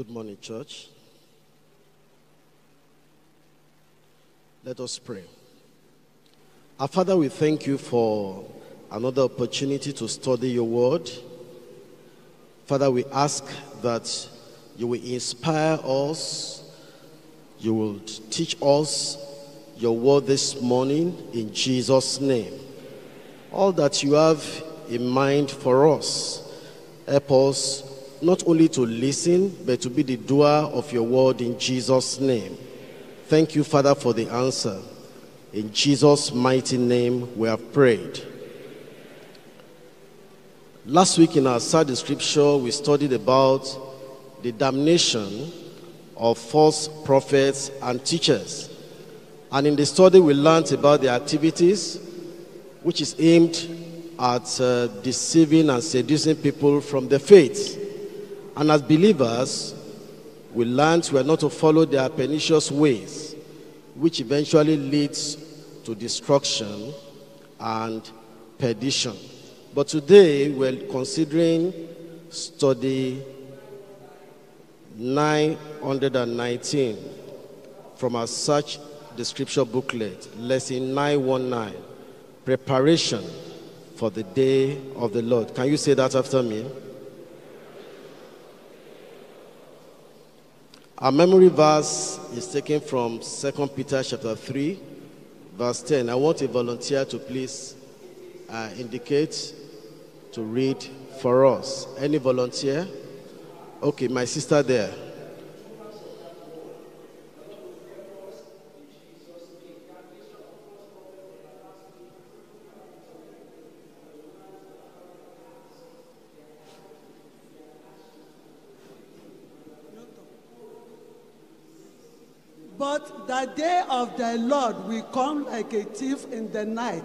Good morning, church. Let us pray. Our Father, we thank you for another opportunity to study your word. Father, we ask that you will inspire us, you will teach us your word this morning in Jesus' name. All that you have in mind for us, help us not only to listen, but to be the doer of your word in Jesus' name. Thank you, Father, for the answer. In Jesus' mighty name, we have prayed. Last week in our study scripture, we studied about the damnation of false prophets and teachers. And in the study, we learned about the activities, which is aimed at uh, deceiving and seducing people from the faith. And as believers, we learn we are not to follow their pernicious ways, which eventually leads to destruction and perdition. But today we're considering study 919 from our search the scripture booklet, lesson 919, preparation for the day of the Lord. Can you say that after me? Our memory verse is taken from 2 Peter chapter 3, verse 10. I want a volunteer to please uh, indicate to read for us. Any volunteer? Okay, my sister there. of the Lord will come like a thief in the night,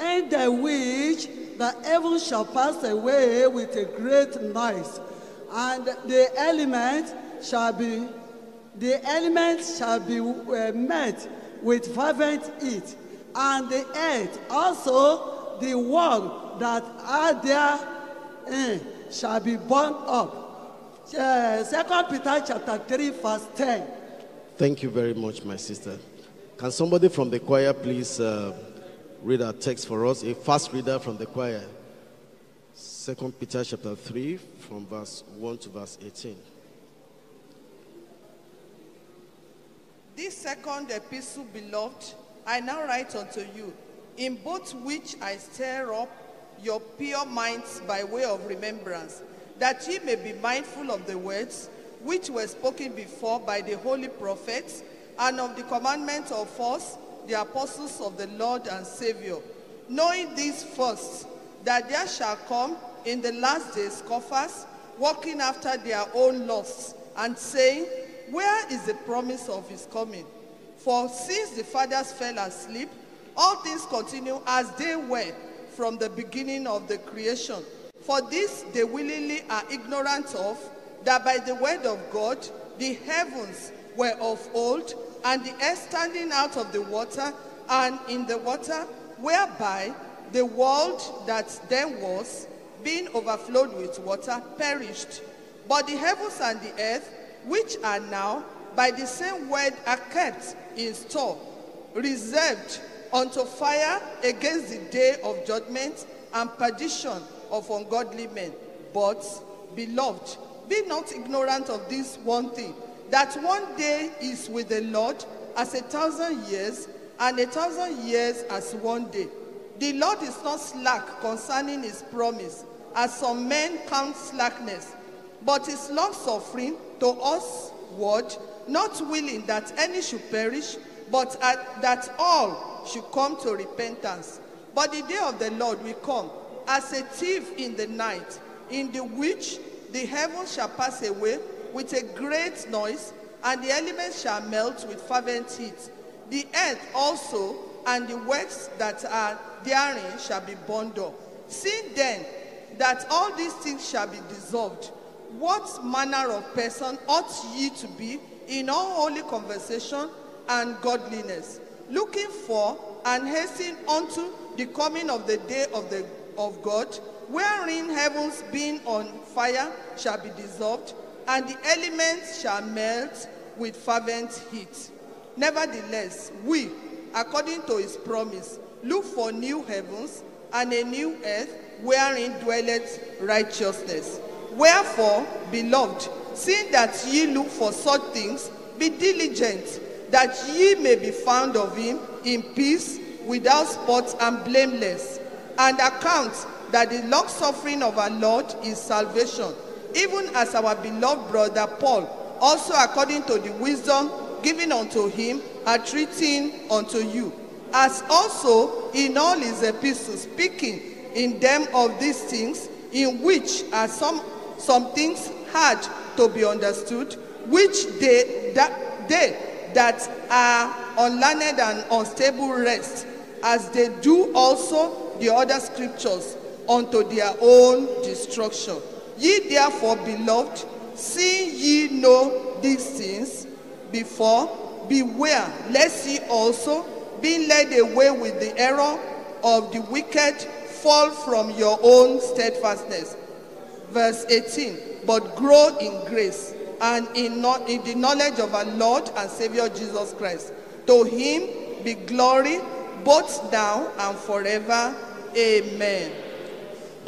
and the which the heavens shall pass away with a great noise, and the elements shall be the elements shall be uh, met with fervent heat, and the earth also the world that are there, eh, shall be burned up. Uh, Second uh, Peter chapter three verse ten. Thank you very much, my sister. Can somebody from the choir please uh, read our text for us? A fast reader from the choir. Second Peter chapter 3 from verse 1 to verse 18. This second epistle, beloved, I now write unto you, in both which I stir up your pure minds by way of remembrance, that ye may be mindful of the words which were spoken before by the holy prophets and of the commandment of us, the apostles of the Lord and Savior, knowing this first, that there shall come in the last days scoffers, walking after their own lusts, and saying, Where is the promise of his coming? For since the fathers fell asleep, all things continue as they were from the beginning of the creation. For this they willingly are ignorant of, that by the word of God the heavens were of old, and the earth standing out of the water and in the water, whereby the world that then was, being overflowed with water, perished. But the heavens and the earth, which are now by the same word, are kept in store, reserved unto fire against the day of judgment and perdition of ungodly men. But, beloved, be not ignorant of this one thing that one day is with the Lord as a thousand years, and a thousand years as one day. The Lord is not slack concerning his promise, as some men count slackness, but is longsuffering to us, word, not willing that any should perish, but at, that all should come to repentance. But the day of the Lord will come as a thief in the night, in the which the heavens shall pass away with a great noise, and the elements shall melt with fervent heat. The earth also and the works that are therein shall be burned up. Seeing then that all these things shall be dissolved, what manner of person ought ye to be in all holy conversation and godliness, looking for and hastening unto the coming of the day of, the, of God, wherein heavens being on fire shall be dissolved, and the elements shall melt with fervent heat. Nevertheless, we, according to his promise, look for new heavens and a new earth wherein dwelleth righteousness. Wherefore, beloved, seeing that ye look for such things, be diligent that ye may be found of him in peace, without spot, and blameless, and account that the long suffering of our Lord is salvation even as our beloved brother Paul, also according to the wisdom given unto him, written unto you, as also in all his epistles, speaking in them of these things, in which are some, some things hard to be understood, which they that, they that are unlearned and unstable rest, as they do also the other scriptures unto their own destruction. Ye therefore, beloved, seeing ye know these things before, beware lest ye also, being led away with the error of the wicked, fall from your own steadfastness. Verse 18 But grow in grace and in, no, in the knowledge of our Lord and Savior Jesus Christ. To him be glory both now and forever. Amen.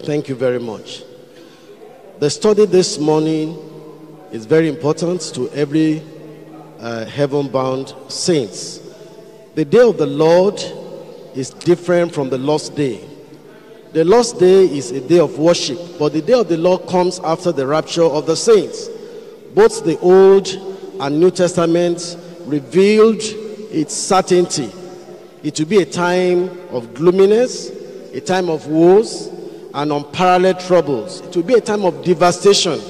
Thank you very much. The study this morning is very important to every uh, heaven bound saints. The day of the Lord is different from the lost day. The lost day is a day of worship, but the day of the Lord comes after the rapture of the saints. Both the Old and New Testament revealed its certainty. It will be a time of gloominess, a time of woes, and unparalleled troubles. It will be a time of devastation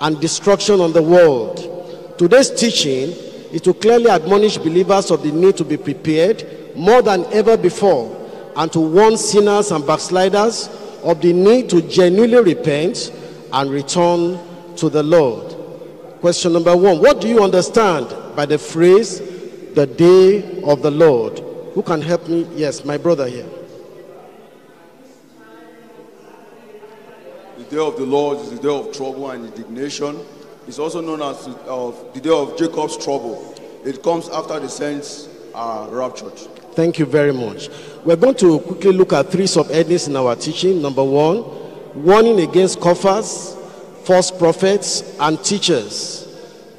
and destruction on the world. Today's teaching is to clearly admonish believers of the need to be prepared more than ever before and to warn sinners and backsliders of the need to genuinely repent and return to the Lord. Question number one What do you understand by the phrase the day of the Lord? Who can help me? Yes, my brother here. day of the Lord is the day of trouble and indignation. It's also known as the, the day of Jacob's trouble. It comes after the saints are raptured. Thank you very much. We're going to quickly look at three sub-headings in our teaching. Number one, warning against coffers, false prophets, and teachers.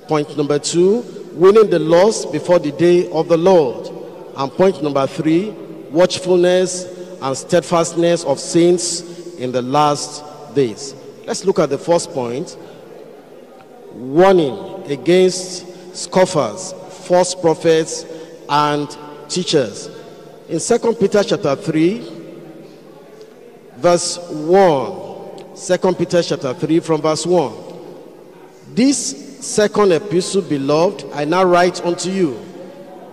Point number two, winning the lost before the day of the Lord. And point number three, watchfulness and steadfastness of saints in the last this. Let's look at the first point warning against scoffers, false prophets, and teachers. In 2 Peter chapter 3, verse 1. 2 Peter chapter 3 from verse 1. This second epistle, beloved, I now write unto you,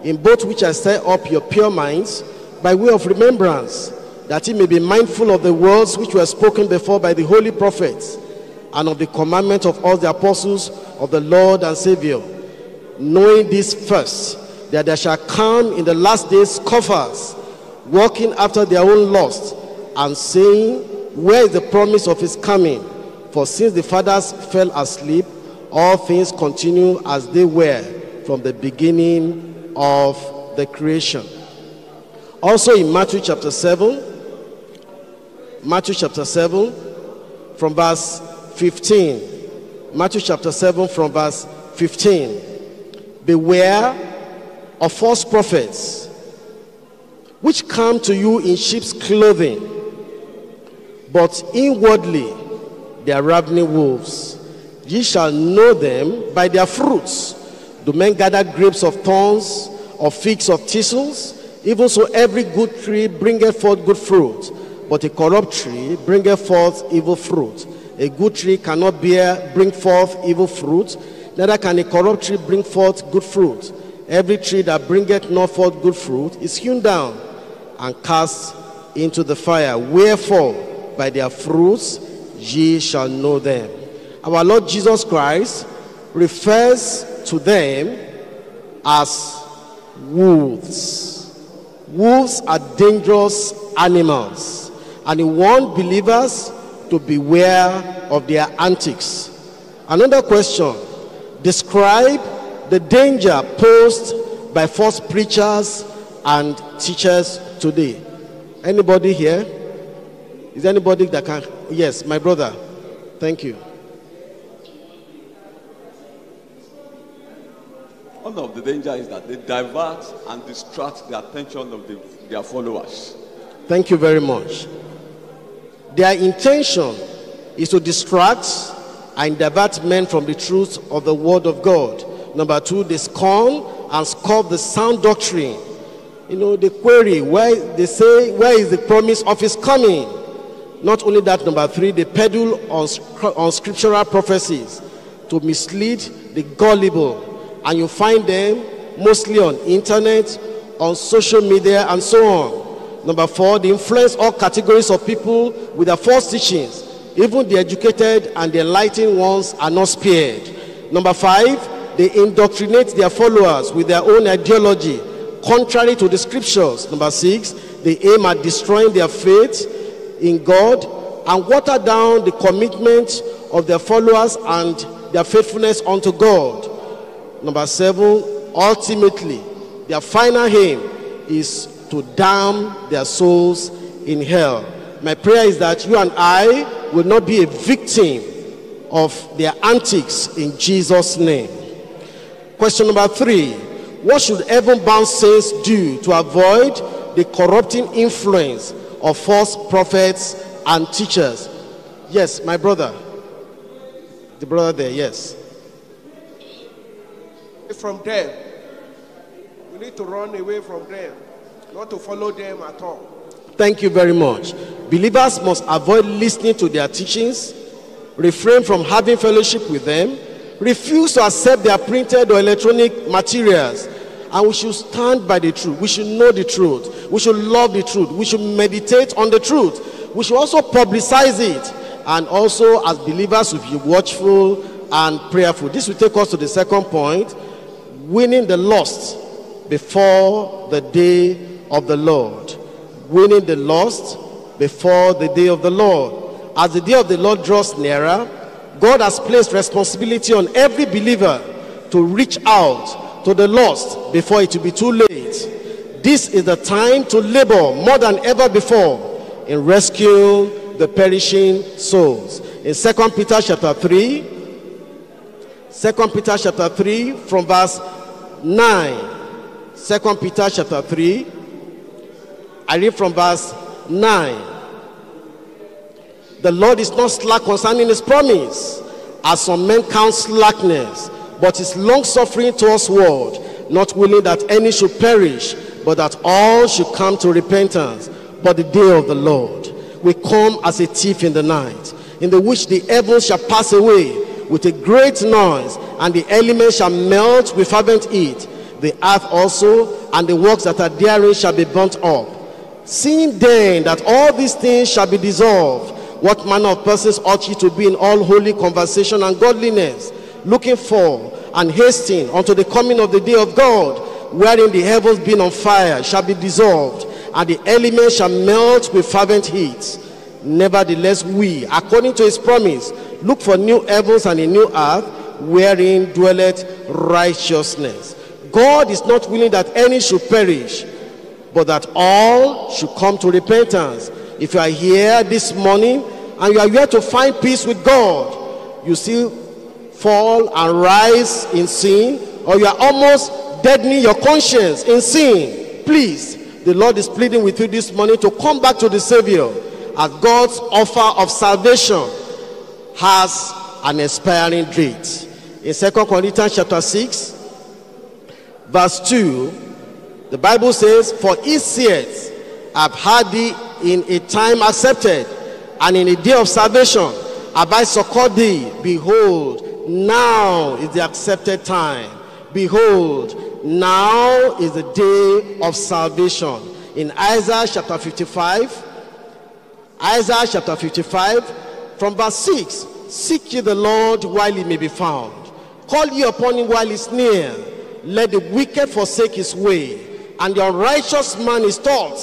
in both which I stir up your pure minds by way of remembrance that he may be mindful of the words which were spoken before by the holy prophets and of the commandment of all the apostles of the Lord and Savior, knowing this first, that there shall come in the last days scoffers, walking after their own lust, and saying, Where is the promise of his coming? For since the fathers fell asleep, all things continue as they were from the beginning of the creation. Also in Matthew chapter 7, Matthew chapter 7 from verse 15. Matthew chapter 7 from verse 15. Beware of false prophets which come to you in sheep's clothing, but inwardly they are ravening wolves. Ye shall know them by their fruits. Do men gather grapes of thorns or figs of thistles? Even so, every good tree bringeth forth good fruit but a corrupt tree bringeth forth evil fruit. A good tree cannot bear bring forth evil fruit, neither can a corrupt tree bring forth good fruit. Every tree that bringeth not forth good fruit is hewn down and cast into the fire. Wherefore, by their fruits ye shall know them. Our Lord Jesus Christ refers to them as wolves. Wolves are dangerous animals and he warned believers to beware of their antics. Another question describe the danger posed by false preachers and teachers today. Anybody here? Is anybody that can? Yes, my brother. Thank you. One of the danger is that they divert and distract the attention of the, their followers. Thank you very much. Their intention is to distract and divert men from the truth of the Word of God. Number two, they scorn and scoff the sound doctrine. You know, they query where they say, Where is the promise of His coming? Not only that, number three, they peddle on, on scriptural prophecies to mislead the gullible, and you find them mostly on internet, on social media, and so on. Number four, they influence all categories of people with their false teachings. Even the educated and the enlightened ones are not spared. Number five, they indoctrinate their followers with their own ideology, contrary to the scriptures. Number six, they aim at destroying their faith in God and water down the commitment of their followers and their faithfulness unto God. Number seven, ultimately, their final aim is to damn their souls in hell. My prayer is that you and I will not be a victim of their antics in Jesus' name. Question number three What should heaven bound saints do to avoid the corrupting influence of false prophets and teachers? Yes, my brother. The brother there, yes. From them. We need to run away from them not to follow them at all. Thank you very much. Believers must avoid listening to their teachings, refrain from having fellowship with them, refuse to accept their printed or electronic materials, and we should stand by the truth. We should know the truth. We should love the truth. We should meditate on the truth. We should also publicize it. And also, as believers, we should be watchful and prayerful. This will take us to the second point winning the lost before the day of the Lord, winning the lost before the day of the Lord. As the day of the Lord draws nearer, God has placed responsibility on every believer to reach out to the lost before it will be too late. This is the time to labor more than ever before in rescue the perishing souls. In 2 Peter chapter 3, 2 Peter chapter 3 from verse 9. 2 Peter chapter 3 I read from verse 9. The Lord is not slack concerning his promise, as some men count slackness, but is long suffering to us world, not willing that any should perish, but that all should come to repentance. But the day of the Lord will come as a thief in the night, in the which the heavens shall pass away with a great noise, and the elements shall melt with fervent heat. The earth also and the works that are therein shall be burnt up Seeing then that all these things shall be dissolved, what manner of persons ought ye to be in all holy conversation and godliness, looking for and hasting unto the coming of the day of God, wherein the heavens being on fire shall be dissolved, and the elements shall melt with fervent heat. Nevertheless, we, according to his promise, look for new heavens and a new earth, wherein dwelleth righteousness. God is not willing that any should perish but that all should come to repentance. If you are here this morning and you are here to find peace with God, you still fall and rise in sin, or you are almost deadening your conscience in sin. Please, the Lord is pleading with you this morning to come back to the Savior as God's offer of salvation has an expiring date. In 2 Corinthians chapter 6, verse 2, the Bible says, For his I have had thee in a time accepted, and in a day of salvation have I succored thee. Behold, now is the accepted time. Behold, now is the day of salvation. In Isaiah chapter 55, Isaiah chapter 55, from verse 6 Seek ye the Lord while he may be found, call ye upon him while he is near. Let the wicked forsake his way and the unrighteous man is taught,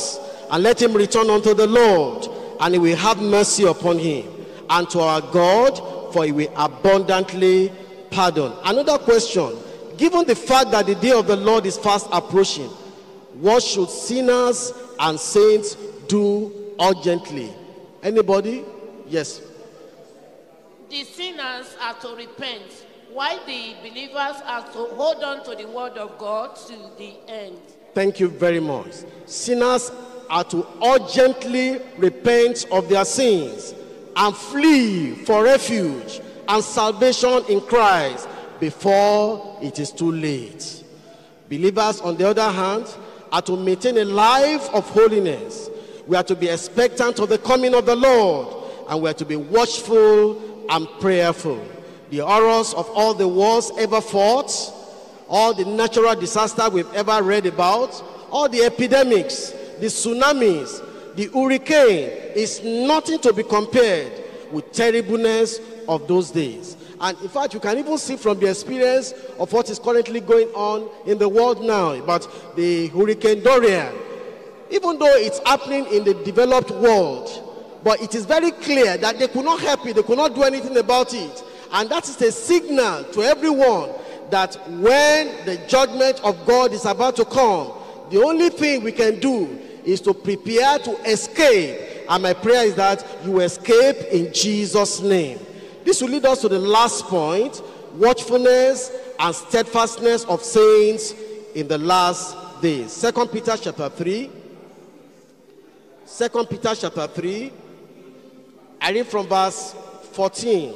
and let him return unto the Lord, and he will have mercy upon him, and to our God, for he will abundantly pardon. Another question given the fact that the day of the Lord is fast approaching, what should sinners and saints do urgently? Anybody? Yes. The sinners are to repent, while the believers are to hold on to the word of God to the end. Thank you very much. Sinners are to urgently repent of their sins and flee for refuge and salvation in Christ before it is too late. Believers, on the other hand, are to maintain a life of holiness. We are to be expectant of the coming of the Lord, and we are to be watchful and prayerful. The horrors of all the wars ever fought all the natural disaster we've ever read about, all the epidemics, the tsunamis, the hurricane is nothing to be compared with terribleness of those days. And in fact, you can even see from the experience of what is currently going on in the world now about the Hurricane Dorian. Even though it's happening in the developed world, but it is very clear that they could not help it, they could not do anything about it. And that is a signal to everyone that when the judgment of God is about to come, the only thing we can do is to prepare to escape. And my prayer is that you escape in Jesus' name. This will lead us to the last point watchfulness and steadfastness of saints in the last days. Second Peter chapter 3. Second Peter chapter 3. I read from verse 14.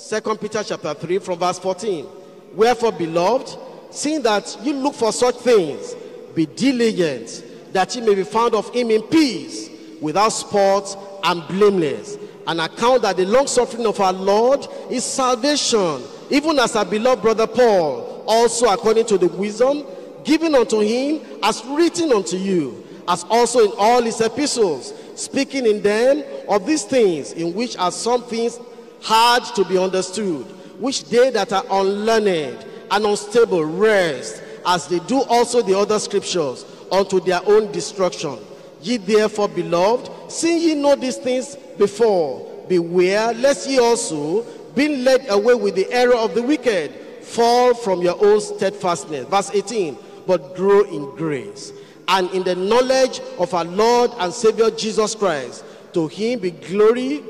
Second Peter chapter 3 from verse 14. Wherefore, beloved, seeing that you look for such things, be diligent that ye may be found of him in peace, without spot and blameless. And account that the long suffering of our Lord is salvation, even as our beloved brother Paul, also according to the wisdom given unto him, as written unto you, as also in all his epistles, speaking in them of these things, in which are some things hard to be understood, which they that are unlearned and unstable rest, as they do also the other scriptures, unto their own destruction. Ye therefore, beloved, seeing ye know these things before, beware lest ye also, being led away with the error of the wicked, fall from your own steadfastness. Verse 18, but grow in grace and in the knowledge of our Lord and Savior Jesus Christ. To him be glory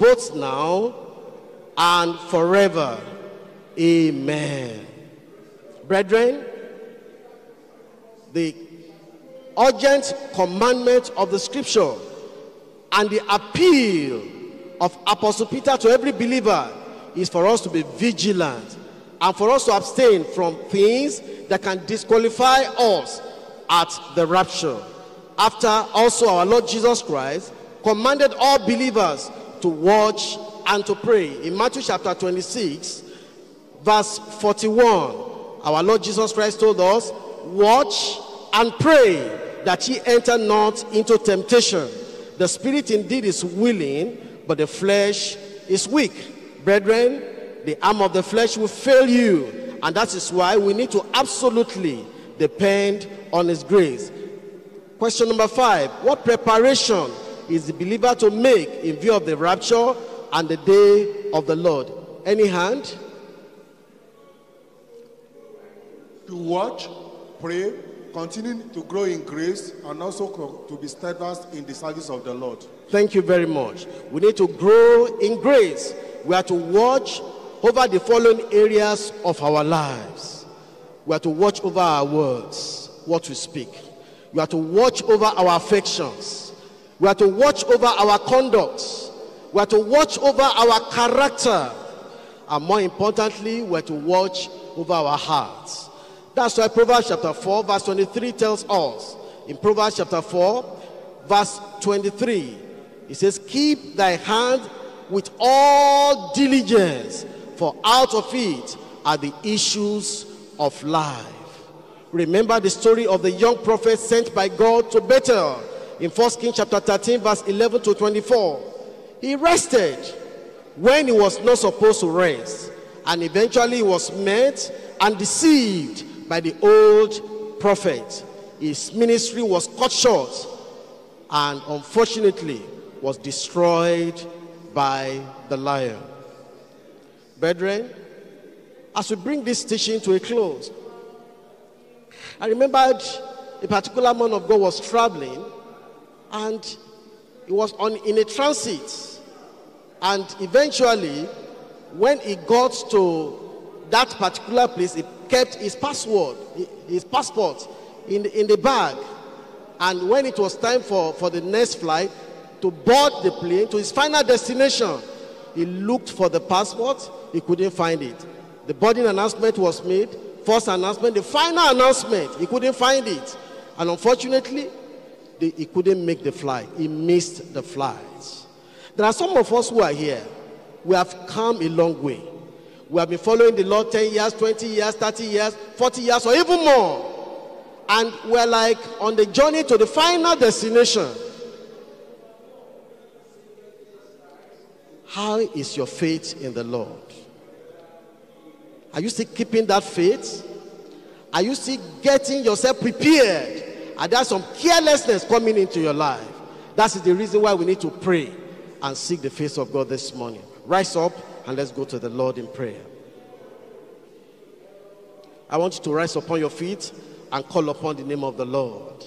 both now and forever. Amen. Brethren, the urgent commandment of the scripture and the appeal of Apostle Peter to every believer is for us to be vigilant and for us to abstain from things that can disqualify us at the rapture. After also our Lord Jesus Christ commanded all believers to watch and to pray. In Matthew chapter 26, verse 41, our Lord Jesus Christ told us, Watch and pray that ye enter not into temptation. The spirit indeed is willing, but the flesh is weak. Brethren, the arm of the flesh will fail you. And that is why we need to absolutely depend on His grace. Question number five What preparation is the believer to make in view of the rapture and the day of the Lord. Any hand? To watch, pray, continue to grow in grace, and also to be steadfast in the service of the Lord. Thank you very much. We need to grow in grace. We are to watch over the following areas of our lives. We are to watch over our words, what we speak. We are to watch over our affections we are to watch over our conduct. We are to watch over our character. And more importantly, we are to watch over our hearts. That's why Proverbs chapter 4, verse 23 tells us. In Proverbs chapter 4, verse 23, it says, Keep thy hand with all diligence, for out of it are the issues of life. Remember the story of the young prophet sent by God to Bethel in 1 Kings chapter 13, verse 11 to 24. He rested when he was not supposed to rest, and eventually he was met and deceived by the old prophet. His ministry was cut short and unfortunately was destroyed by the lion. Brethren, as we bring this teaching to a close, I remembered a particular man of God was traveling and he was on in a transit. And eventually, when he got to that particular place, he kept his password, his passport in the, in the bag. And when it was time for, for the next flight to board the plane to his final destination, he looked for the passport, he couldn't find it. The boarding announcement was made, first announcement, the final announcement, he couldn't find it. And unfortunately, they, he couldn't make the flight. He missed the flight. There are some of us who are here. We have come a long way. We have been following the Lord 10 years, 20 years, 30 years, 40 years, or even more. And we're like on the journey to the final destination. How is your faith in the Lord? Are you still keeping that faith? Are you still getting yourself prepared and there's some carelessness coming into your life. That is the reason why we need to pray and seek the face of God this morning. Rise up and let's go to the Lord in prayer. I want you to rise upon your feet and call upon the name of the Lord.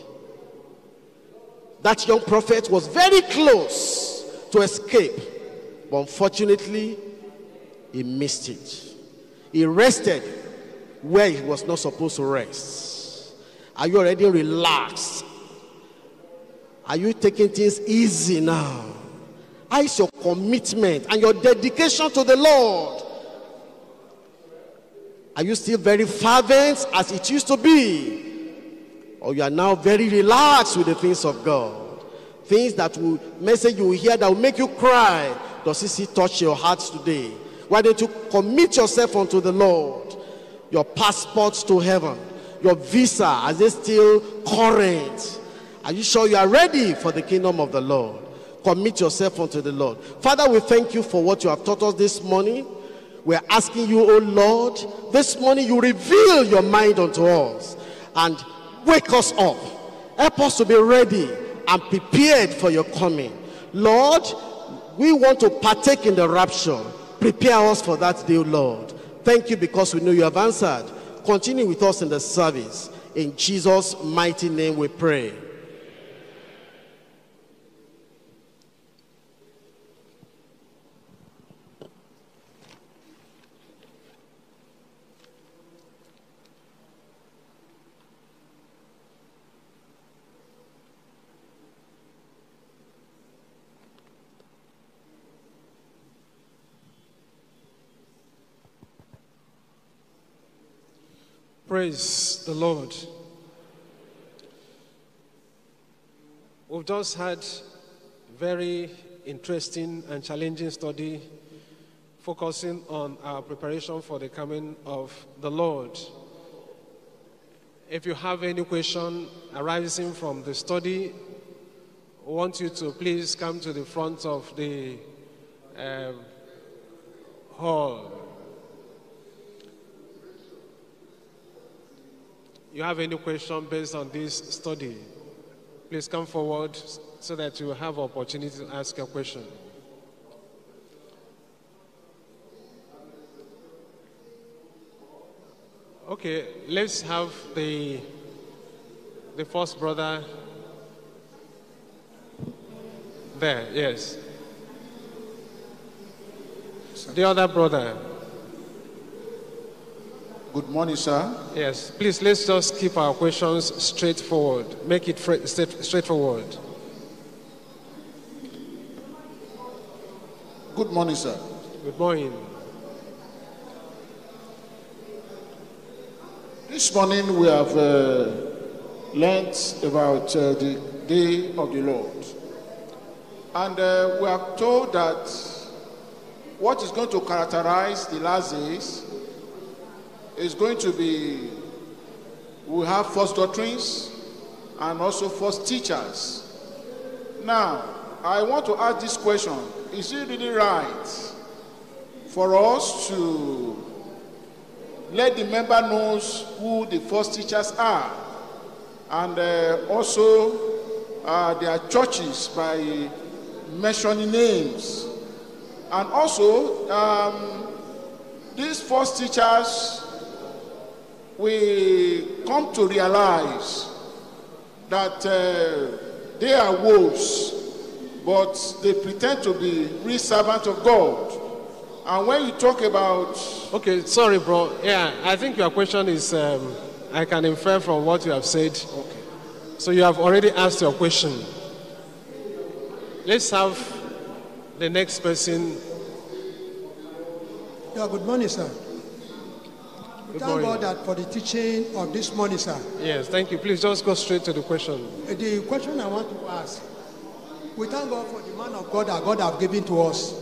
That young prophet was very close to escape, but unfortunately, he missed it. He rested where he was not supposed to rest. Are you already relaxed? Are you taking things easy now? How is your commitment and your dedication to the Lord? Are you still very fervent as it used to be? Or you are now very relaxed with the things of God? Things that will message you will hear that will make you cry. Does this touch your heart today? Why don't you commit yourself unto the Lord? Your passport to heaven your visa, is they still current? Are you sure you are ready for the kingdom of the Lord? Commit yourself unto the Lord. Father, we thank you for what you have taught us this morning. We're asking you, O oh Lord, this morning you reveal your mind unto us and wake us up. Help us to be ready and prepared for your coming. Lord, we want to partake in the rapture. Prepare us for that day, Lord. Thank you because we know you have answered continue with us in the service. In Jesus' mighty name we pray. Praise the Lord. We've just had a very interesting and challenging study focusing on our preparation for the coming of the Lord. If you have any question arising from the study, I want you to please come to the front of the um, hall. you have any question based on this study, please come forward so that you have opportunity to ask your question. Okay, let's have the the first brother there. Yes, the other brother. Good morning, sir. Yes, please let's just keep our questions straightforward. Make it straightforward. Good morning, sir. Good morning. This morning we have uh, learned about uh, the day of the Lord. And uh, we are told that what is going to characterize the last days is going to be, we have false doctrines and also false teachers. Now, I want to ask this question Is it really right for us to let the member knows who the false teachers are and uh, also uh, their churches by mentioning names? And also, um, these false teachers we come to realize that uh, they are wolves, but they pretend to be real servants of God. And when you talk about. Okay, sorry, bro. Yeah, I think your question is, um, I can infer from what you have said. Okay. So you have already asked your question. Let's have the next person. Yeah, good morning, sir. Good Thank morning. God that for the teaching of this morning, sir. Yes, thank you. Please just go straight to the question. Uh, the question I want to ask. We thank God for the man of God that God have given to us.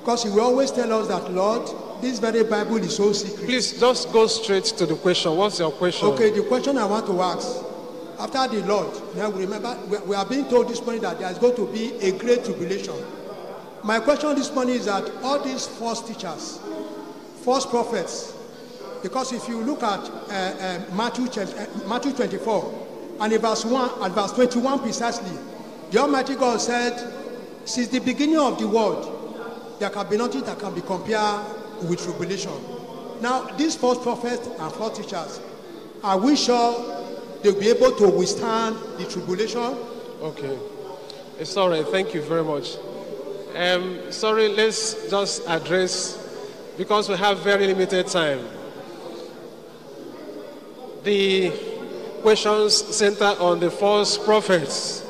Because he will always tell us that, Lord, this very Bible is so secret. Please just go straight to the question. What's your question? Okay, the question I want to ask. After the Lord, now remember we, we are being told this morning that there is going to be a great tribulation. My question this morning is that all these false teachers, false prophets, because if you look at uh, uh, Matthew, uh, Matthew 24 and in verse 1 at verse 21 precisely, the Almighty God said, Since the beginning of the world, there can be nothing that can be compared with tribulation. Now, these false prophets and false teachers, are we sure they'll be able to withstand the tribulation? Okay. It's all right. Thank you very much. Um, sorry, let's just address, because we have very limited time the questions center on the false prophets.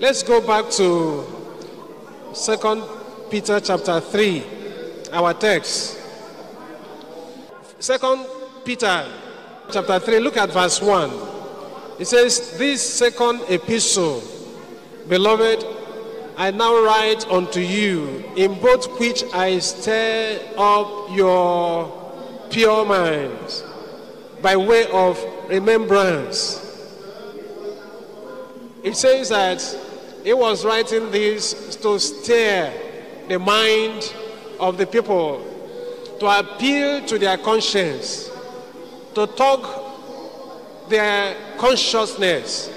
Let's go back to Second Peter chapter 3, our text. Second Peter chapter 3, look at verse 1. It says, This second epistle, beloved, I now write unto you, in both which I stir up your pure minds by way of remembrance. It says that he was writing this to stir the mind of the people, to appeal to their conscience, to tug their consciousness.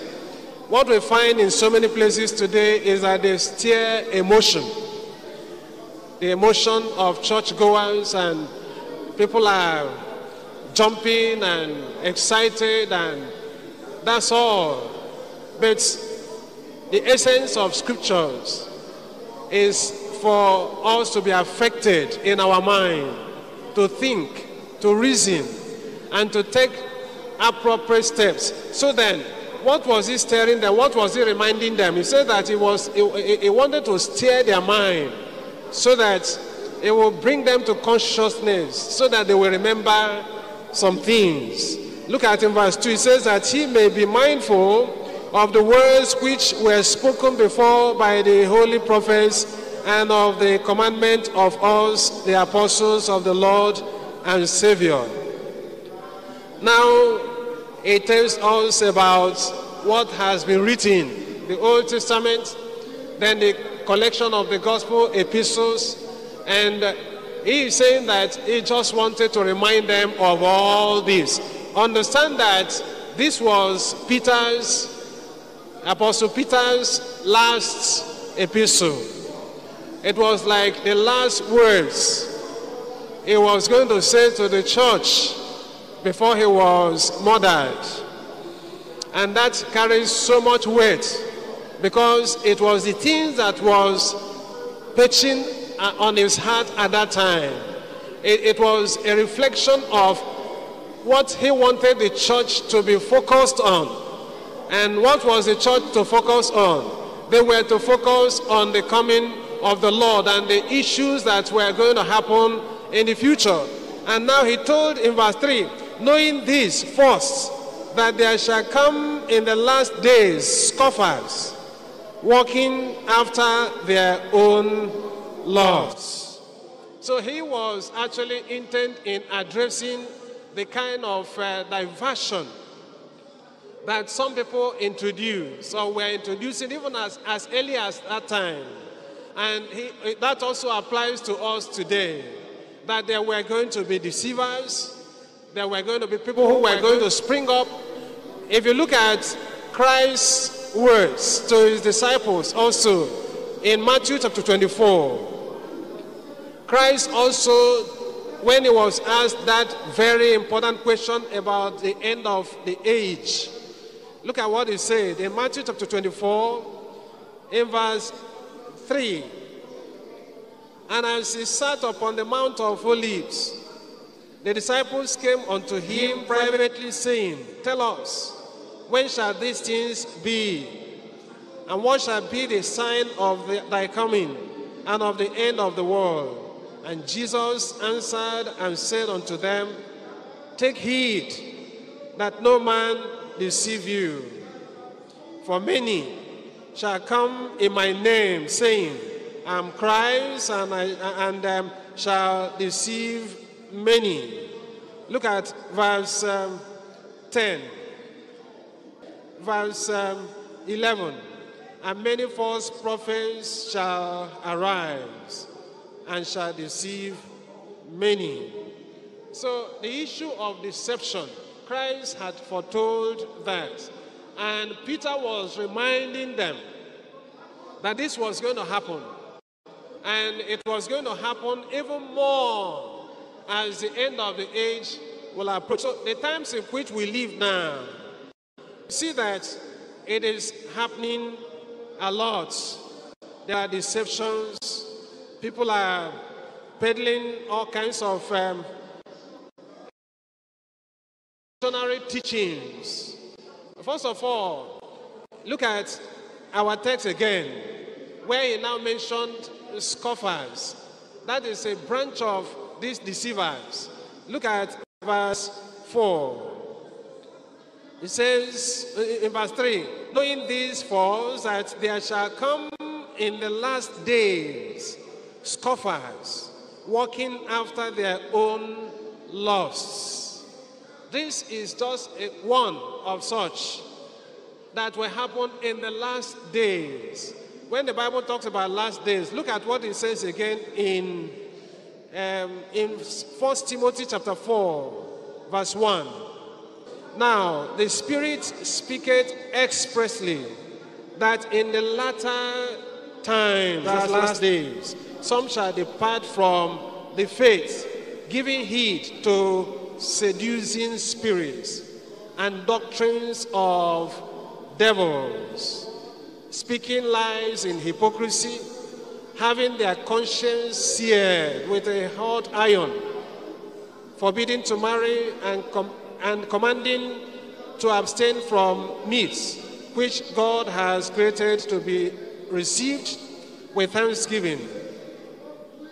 What we find in so many places today is that they stir emotion. The emotion of churchgoers and people are jumping and excited and that's all. But the essence of scriptures is for us to be affected in our mind, to think, to reason, and to take appropriate steps. So then, what was he stirring them? What was he reminding them? He said that he, was, he, he wanted to stir their mind so that it will bring them to consciousness, so that they will remember some things. Look at in verse 2, it says that he may be mindful of the words which were spoken before by the holy prophets and of the commandment of us, the apostles of the Lord and Savior. Now, it tells us about what has been written the Old Testament, then the collection of the gospel epistles, and he is saying that he just wanted to remind them of all this. Understand that this was Peter's, Apostle Peter's last epistle. It was like the last words he was going to say to the church before he was murdered. And that carries so much weight because it was the things that was pitching uh, on his heart at that time. It, it was a reflection of what he wanted the church to be focused on. And what was the church to focus on? They were to focus on the coming of the Lord and the issues that were going to happen in the future. And now he told in verse 3 knowing this first, that there shall come in the last days scoffers, walking after their own loves. So he was actually intent in addressing the kind of uh, diversion that some people introduce or were introducing even as, as early as that time. And he, that also applies to us today, that there were going to be deceivers, there were going to be people who were going to spring up. If you look at Christ's words to his disciples also in Matthew chapter 24, Christ also, when he was asked that very important question about the end of the age, look at what he said in Matthew chapter 24, in verse 3. And as he sat upon the Mount of Olives, the disciples came unto him privately, saying, Tell us, when shall these things be? And what shall be the sign of the, thy coming and of the end of the world? And Jesus answered and said unto them, Take heed that no man deceive you. For many shall come in my name, saying, I am Christ, and, I, and um, shall deceive many. Look at verse um, 10, verse um, 11. And many false prophets shall arise and shall deceive many. So, the issue of deception, Christ had foretold that. And Peter was reminding them that this was going to happen. And it was going to happen even more as the end of the age will approach. So, the times in which we live now, see that it is happening a lot. There are deceptions People are peddling all kinds of um, missionary teachings. First of all, look at our text again, where he now mentioned scoffers. That is a branch of these deceivers. Look at verse 4. It says uh, in verse 3 Knowing these falls, that there shall come in the last days scoffers, walking after their own lusts. This is just a, one of such that will happen in the last days. When the Bible talks about last days, look at what it says again in, um, in 1 Timothy chapter 4, verse 1. Now, the Spirit speaketh expressly that in the latter times, last days, some shall depart from the faith, giving heed to seducing spirits and doctrines of devils, speaking lies in hypocrisy, having their conscience seared with a hot iron, forbidding to marry and, com- and commanding to abstain from meats which God has created to be received with thanksgiving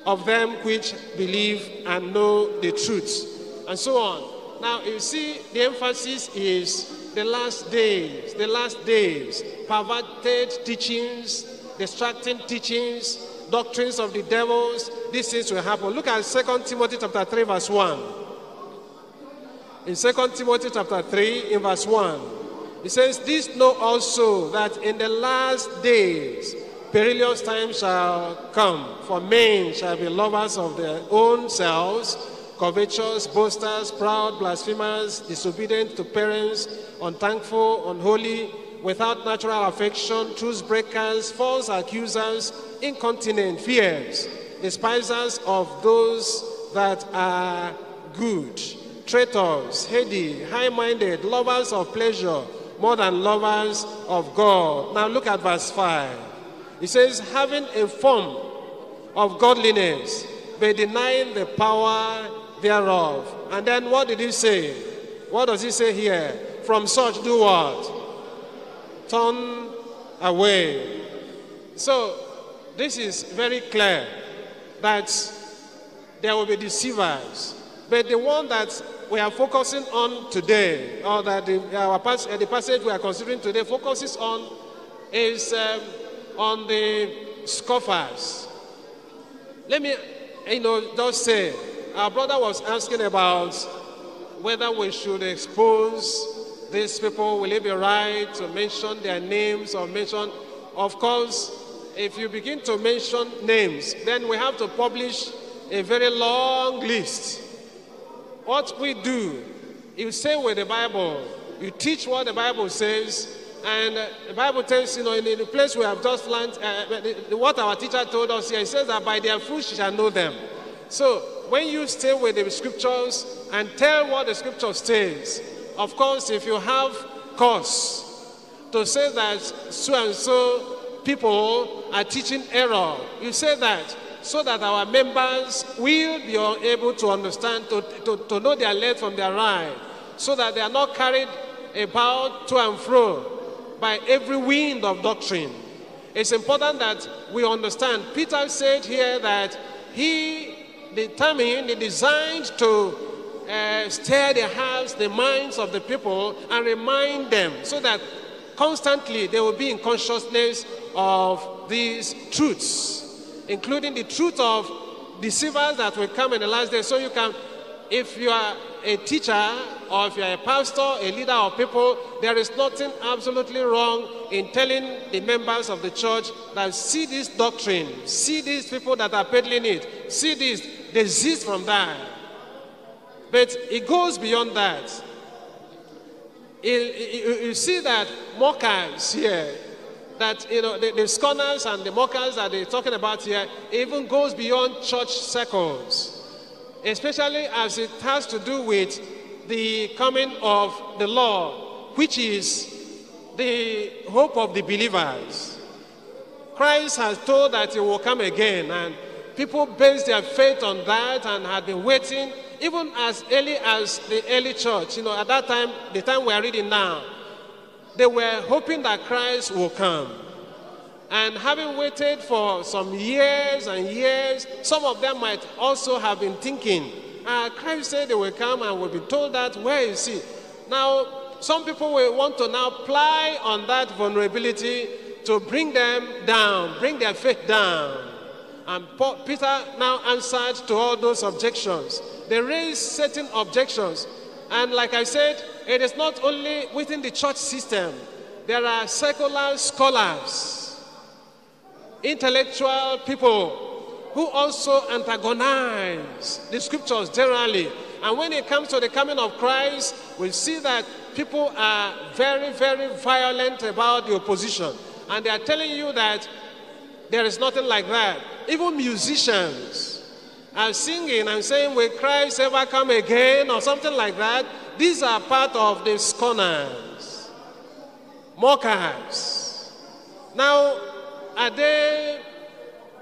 of them which believe and know the truth, and so on. Now, you see, the emphasis is the last days, the last days, perverted teachings, distracting teachings, doctrines of the devils, these things will happen. Look at 2 Timothy chapter 3, verse 1. In 2 Timothy chapter 3, in verse 1, it says, This know also that in the last days perilous times shall come, for men shall be lovers of their own selves, covetous, boasters, proud, blasphemers, disobedient to parents, unthankful, unholy, without natural affection, truth breakers, false accusers, incontinent, fears, despisers of those that are good, traitors, heady, high minded, lovers of pleasure more than lovers of God. Now look at verse 5. He says, having a form of godliness, but denying the power thereof. And then what did he say? What does he say here? From such do what? Turn away. So, this is very clear that there will be deceivers. But the one that we are focusing on today, or that the, our, the passage we are considering today focuses on, is. Um, on the scoffers. Let me, you know, just say, our brother was asking about whether we should expose these people. Will it be right to mention their names or mention? Of course, if you begin to mention names, then we have to publish a very long list. What we do, you say with the Bible, you teach what the Bible says, and uh, the Bible tells, you know, in, in the place we have just learned, uh, the, the, what our teacher told us here, he says that by their fruits you shall know them. So when you stay with the scriptures and tell what the scripture says, of course, if you have cause to say that so and so people are teaching error, you say that so that our members will be able to understand, to, to, to know their left from their right, so that they are not carried about to and fro by every wind of doctrine. It's important that we understand. Peter said here that he determined, he designed to uh, stir the hearts, the minds of the people, and remind them so that constantly they will be in consciousness of these truths, including the truth of deceivers that will come in the last day. So you can if you are a teacher or if you are a pastor, a leader of people, there is nothing absolutely wrong in telling the members of the church that see this doctrine, see these people that are peddling it, see this, desist from that. But it goes beyond that. you see that mockers here, that you know the, the scorners and the mockers that they're talking about here, even goes beyond church circles especially as it has to do with the coming of the law, which is the hope of the believers. Christ has told that he will come again, and people based their faith on that and had been waiting even as early as the early church. You know, at that time, the time we are reading now, they were hoping that Christ will come. And having waited for some years and years, some of them might also have been thinking, uh, Christ said they will come and will be told that, where is he? Now, some people will want to now ply on that vulnerability to bring them down, bring their faith down. And Paul, Peter now answered to all those objections. They raised certain objections. And like I said, it is not only within the church system, there are secular scholars intellectual people who also antagonize the scriptures generally. And when it comes to the coming of Christ, we see that people are very, very violent about the opposition. And they are telling you that there is nothing like that. Even musicians are singing and saying, Will Christ ever come again? or something like that. These are part of the scorners, mockers. Now, are they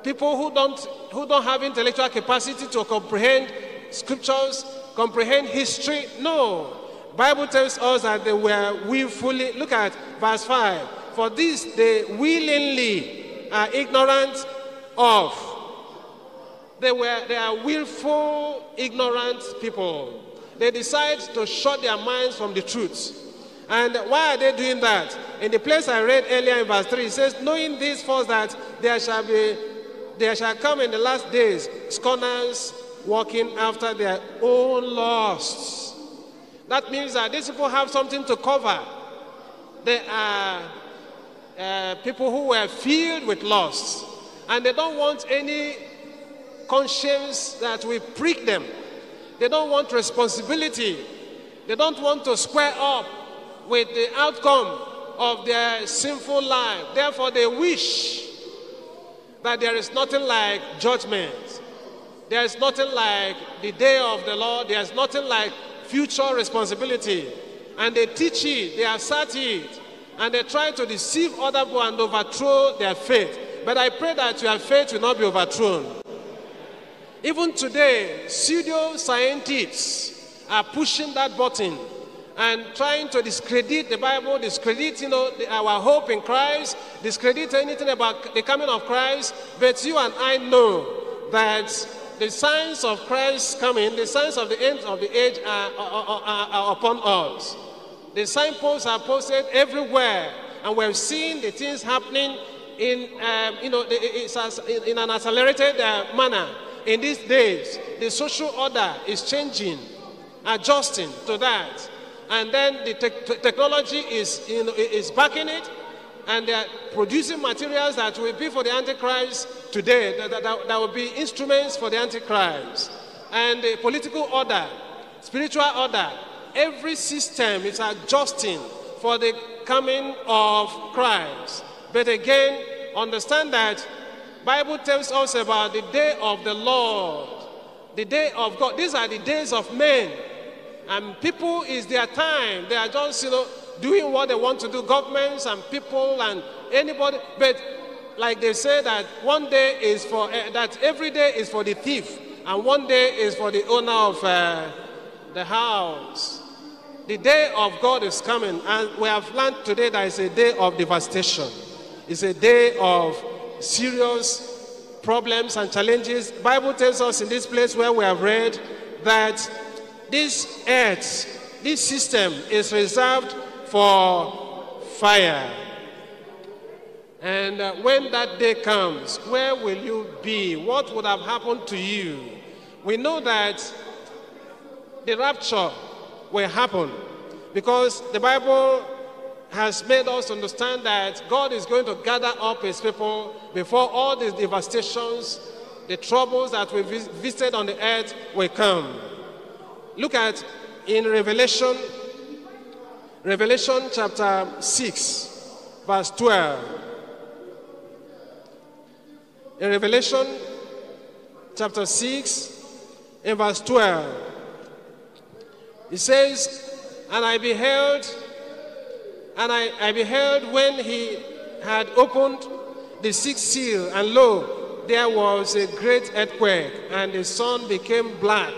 people who don't, who don't have intellectual capacity to comprehend scriptures, comprehend history? No. Bible tells us that they were willfully, look at verse 5. For this they willingly are ignorant of. They, were, they are willful, ignorant people. They decide to shut their minds from the truth. And why are they doing that? In the place I read earlier in verse 3, it says, Knowing this first that there shall be there shall come in the last days scorners walking after their own lusts. That means that these people have something to cover. They are uh, people who were filled with lusts, and they don't want any conscience that will prick them. They don't want responsibility. They don't want to square up with the outcome of their sinful life. Therefore, they wish that there is nothing like judgment. There is nothing like the day of the Lord. There is nothing like future responsibility. And they teach it, they assert it, and they try to deceive other people and overthrow their faith. But I pray that your faith will not be overthrown. Even today, pseudo scientists are pushing that button and trying to discredit the Bible, discredit you know, the, our hope in Christ, discredit anything about the coming of Christ. But you and I know that the signs of Christ's coming, the signs of the end of the age are, are, are, are upon us. The signposts are posted everywhere, and we're seeing the things happening in, um, you know, the, in an accelerated uh, manner. In these days, the social order is changing, adjusting to that and then the te- technology is, you know, is backing it, and they are producing materials that will be for the Antichrist today, that, that, that will be instruments for the Antichrist. And the political order, spiritual order, every system is adjusting for the coming of Christ. But again, understand that Bible tells us about the day of the Lord, the day of God. These are the days of men and people is their time. They are just, you know, doing what they want to do, governments and people and anybody. But like they say that one day is for, uh, that every day is for the thief and one day is for the owner of uh, the house. The day of God is coming, and we have learned today that it's a day of devastation. It's a day of serious problems and challenges. Bible tells us in this place where we have read that this earth, this system is reserved for fire. And uh, when that day comes, where will you be? What would have happened to you? We know that the rapture will happen because the Bible has made us understand that God is going to gather up his people before all these devastations, the troubles that we vis- visited on the earth will come. Look at in Revelation, Revelation chapter 6, verse 12. In Revelation chapter 6, in verse 12, it says, And I beheld, and I, I beheld when he had opened the sixth seal, and lo, there was a great earthquake, and the sun became black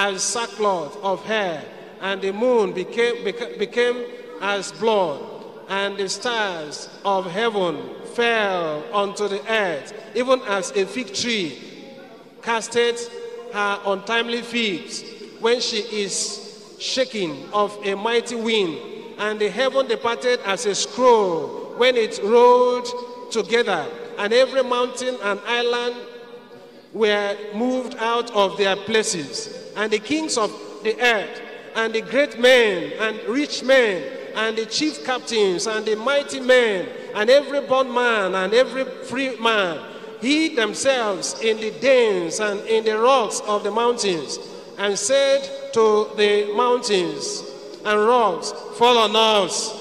as sackcloth of hair, and the moon became, became as blood, and the stars of heaven fell unto the earth, even as a fig tree casteth her untimely figs when she is shaken of a mighty wind, and the heaven departed as a scroll when it rolled together, and every mountain and island were moved out of their places and the kings of the earth, and the great men, and rich men, and the chief captains, and the mighty men, and every bond man, and every free man, hid themselves in the dens and in the rocks of the mountains, and said to the mountains and rocks, Fall on us,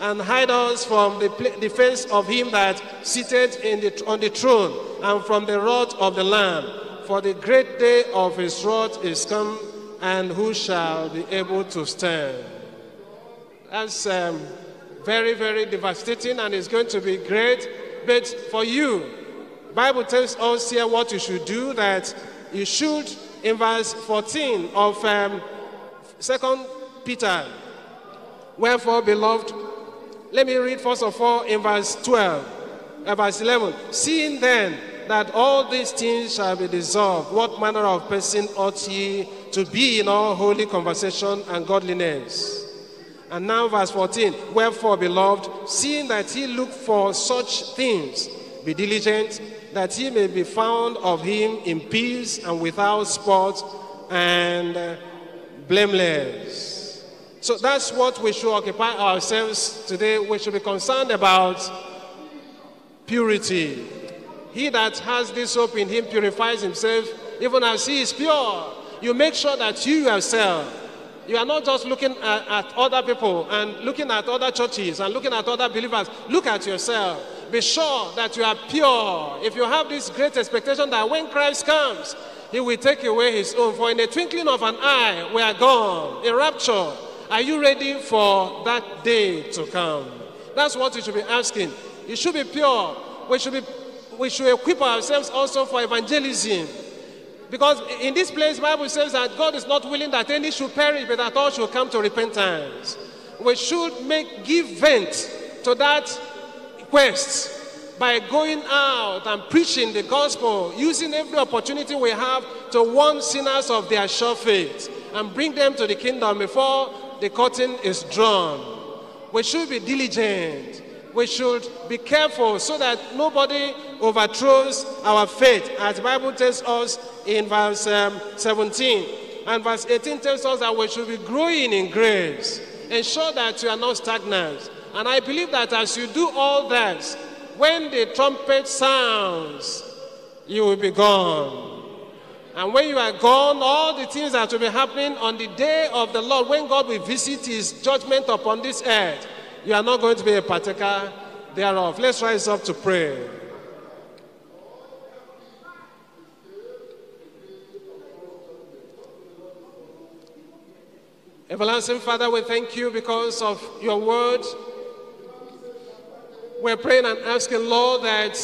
and hide us from the, the face of him that sitteth in the, on the throne, and from the wrath of the Lamb. For the great day of his wrath is come, and who shall be able to stand? That's um, very, very devastating, and it's going to be great. But for you, Bible tells us here what you should do. That you should, in verse 14 of um, Second Peter, wherefore, beloved, let me read first of all in verse 12, uh, verse 11. Seeing then that all these things shall be dissolved. What manner of person ought ye to be in all holy conversation and godliness? And now, verse 14 Wherefore, beloved, seeing that ye look for such things, be diligent that ye may be found of him in peace and without spot and uh, blameless. So that's what we should occupy ourselves today. We should be concerned about purity, he that has this hope in him purifies himself, even as he is pure. You make sure that you yourself, you are not just looking at, at other people and looking at other churches and looking at other believers. Look at yourself. Be sure that you are pure. If you have this great expectation that when Christ comes, he will take away his own. For in the twinkling of an eye, we are gone. A rapture. Are you ready for that day to come? That's what you should be asking. You should be pure. We should be we should equip ourselves also for evangelism. Because in this place, Bible says that God is not willing that any should perish, but that all should come to repentance. We should make give vent to that quest by going out and preaching the gospel, using every opportunity we have to warn sinners of their sure faith and bring them to the kingdom before the curtain is drawn. We should be diligent we should be careful so that nobody overthrows our faith, as the Bible tells us in verse um, 17. And verse 18 tells us that we should be growing in grace. Ensure that you are not stagnant. And I believe that as you do all that, when the trumpet sounds, you will be gone. And when you are gone, all the things that will be happening on the day of the Lord, when God will visit his judgment upon this earth, you are not going to be a partaker thereof. Let's rise up to pray. Everlasting Father, we thank you because of your word. We're praying and asking, Lord, that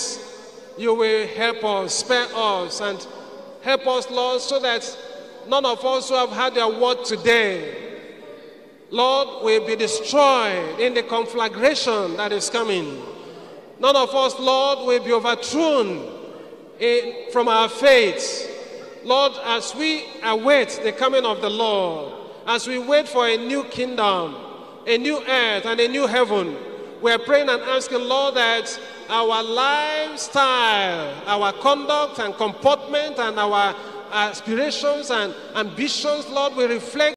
you will help us, spare us, and help us, Lord, so that none of us who have had your word today Lord, will be destroyed in the conflagration that is coming. None of us, Lord, will be overthrown in, from our faith. Lord, as we await the coming of the Lord, as we wait for a new kingdom, a new earth, and a new heaven, we are praying and asking, Lord, that our lifestyle, our conduct and comportment, and our aspirations and ambitions, Lord, will reflect.